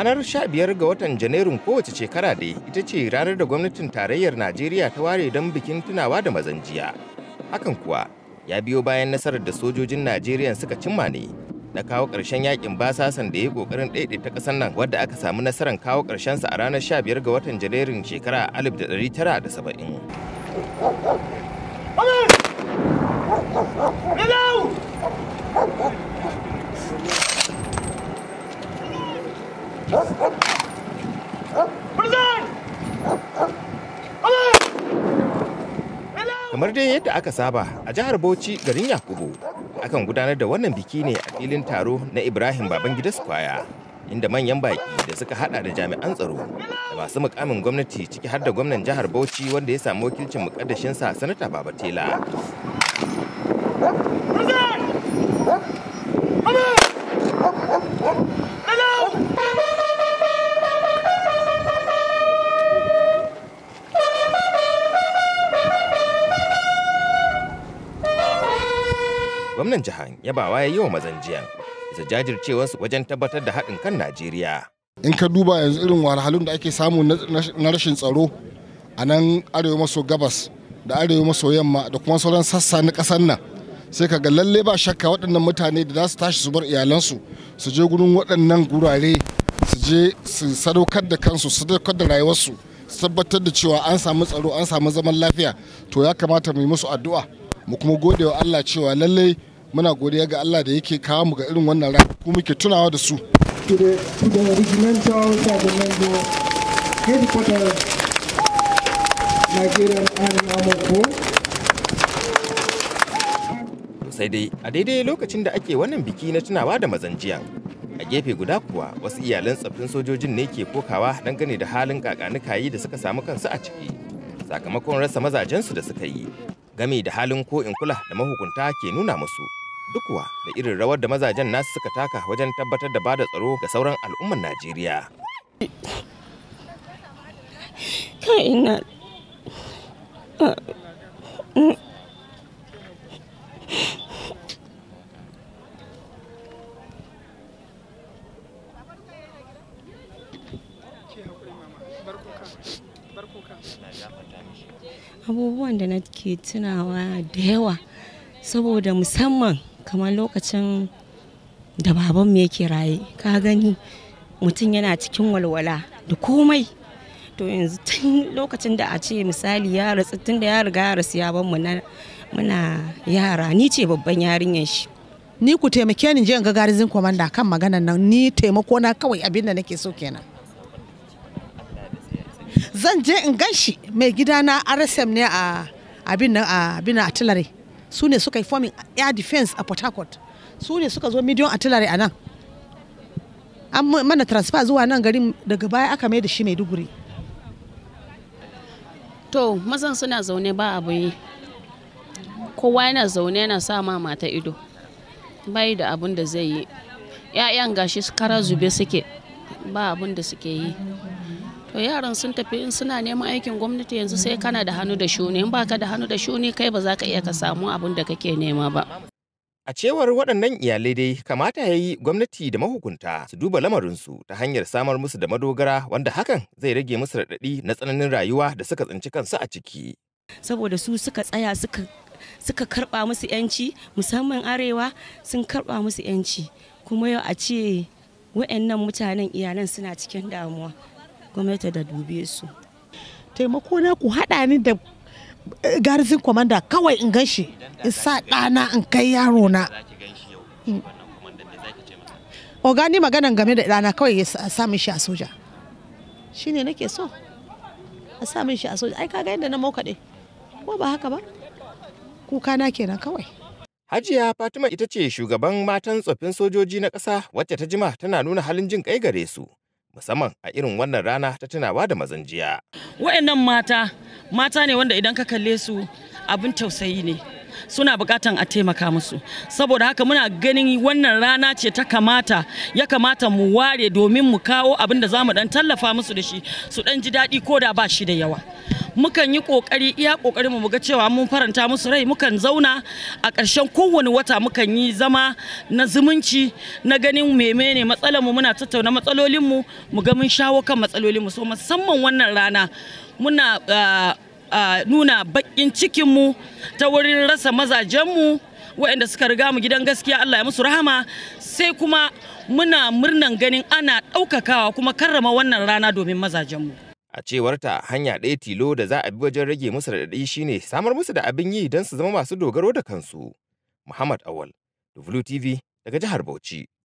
Ranar 15 ga watan Janairun kowace shekara dai ita ce ranar da gwamnatin tarayyar Najeriya ta ware don bikin tunawa da mazanjiya. Hakan kuwa ya biyo bayan nasarar da sojojin Najeriya suka cimma ne na kawo ƙarshen yakin basasan da ya yi ƙoƙarin ta ƙasar nan wadda aka samu nasarar kawo sa a ranar 15 ga watan Janairun shekara 1970. Amin! kamar dai yadda aka saba a jihar bauchi garin yakubu akan gudanar da wannan biki ne a filin taro na ibrahim babangida square inda manyan baki da suka hada da jami'an tsaro da masu mukamin gwamnati ciki har da gwamnan jihar bauchi wanda ya samu wakilcin mukaddashinsa sanata baba babatela gwamnan jihan yabawa ya yi wa mazanjiyan bisa jajircewarsu wajen tabbatar da haɗin kan najeriya in ka duba yanzu irin wahalhalun da ake samu na rashin tsaro a nan arewa maso gabas da arewa maso yamma da kuma sauran sassa na ƙasar nan sai ka ga lalle ba shakka waɗannan mutane da za su tashi su bar iyalansu su je gurin waɗannan gurare su je su sadaukar da kansu su sadaukar da rayuwarsu su tabbatar da cewa an samu tsaro an samu zaman lafiya to ya kamata mu yi musu addu'a mu kuma gode wa Allah cewa lallai muna godiya ga Allah da yake kawo mu ga irin wannan ran ku muke tunawa da su sai dai a daidai lokacin da ake wannan biki na tunawa da mazanjiya a gefe guda kuwa wasu iyalan tsaffin sojojin ne ke kokawa dangane da halin kakanikayi da suka samu kansu a ciki sakamakon rasa mazajensu da suka yi game da halin ko in kula da mahukunta ke nuna musu duk kuwa da irin rawar da mazajen nasu suka taka wajen tabbatar da bada tsaro ga sauran al'umman Najeriya. Thank you. abubuwan da nake tunawa da yawa saboda musamman kamar lokacin da babanmu yake raye ka gani mutum yana cikin walwala da komai to yanzu tun lokacin da a ce misali ya rasu tun da ya riga ya rasu ya na muna yara ni ce babban yarinyar shi ni ku taimake ni jiyan in ga garizin kan maganan nan ni taimako na kawai abin da nake so kenan zan je in gan shi mai na rsm ne a abin a abin a su ne suka yi forming air defense a port harcourt su ne suka zo miliyon artillery a nan an mana transfer zuwa nan garin daga baya aka mai da shi duguri. to mazan suna zaune ba abu yi kowa yana zaune yana sa ma mata ido bai da abun da zai yi 'ya'yan gashi kara zube suke ba abun da suke yi to yaran sun tafi in suna neman aikin gwamnati yanzu sai kana da hannu da shuni in baka da hannu da shuni kai ba za ka iya ka samu abin da kake nema ba a cewar waɗannan iyalai dai kamata ya yi gwamnati da mahukunta su duba lamarinsu ta hanyar samar musu da madogara wanda hakan zai rage musu raɗaɗi na tsananin rayuwa da suka tsinci kansu a ciki saboda su suka tsaya suka suka karba musu yanci musamman arewa sun karba musu yanci kuma yau a ce wa'annan mutanen iyalan suna cikin damuwa gwamnati da dube su taimako na ku haɗa ni da eh, garrison commander kawai in gan shi in sa ɗana in kai yaro na hmm. ogani magana game da ɗana kawai ya sami shi a soja shine nake so a sami shi a soja ai ka ga yadda na maukaɗe ko ba haka ba kuka na kenan kawai Hajiya Fatima ita ce shugaban matan tsoffin sojoji na ƙasa wacce ta jima tana nuna halin jin kai gare su musamman a irin wannan rana ta tunawa da mazan jiya. Wa'annan mata, mata ne wanda idan ka kalle su abin tausayi ne. suna bukatan a taimaka musu saboda haka muna ganin wannan rana ce ta kamata ya kamata mu ware domin mu kawo abin da zamu dan tallafa musu da shi su dan ji daɗi ko da ba shi da yawa mukan yi kokari iya kokarin mu ga cewa mun faranta musu rai mukan zauna a ƙarshen kowane wata mukan yi zama na zumunci na ganin menene matsalar mu muna tattauna matsalolin mu mu ga mun shawo kan matsalolin mu so musamman wannan rana muna ah, nuna bakin cikinmu ta wurin rasa mazajenmu waɗanda suka riga mu gidan gaskiya Allah ya musu rahama sai kuma muna murnan ganin ana ɗaukakawa kuma karrama wannan rana domin mazajenmu. A cewarta hanya ɗaya tilo da za a bi wajen rage musu raɗaɗi shine samar musu da abin yi don su zama masu dogaro da kansu. Muhammad Awal, WTV daga jihar Bauchi.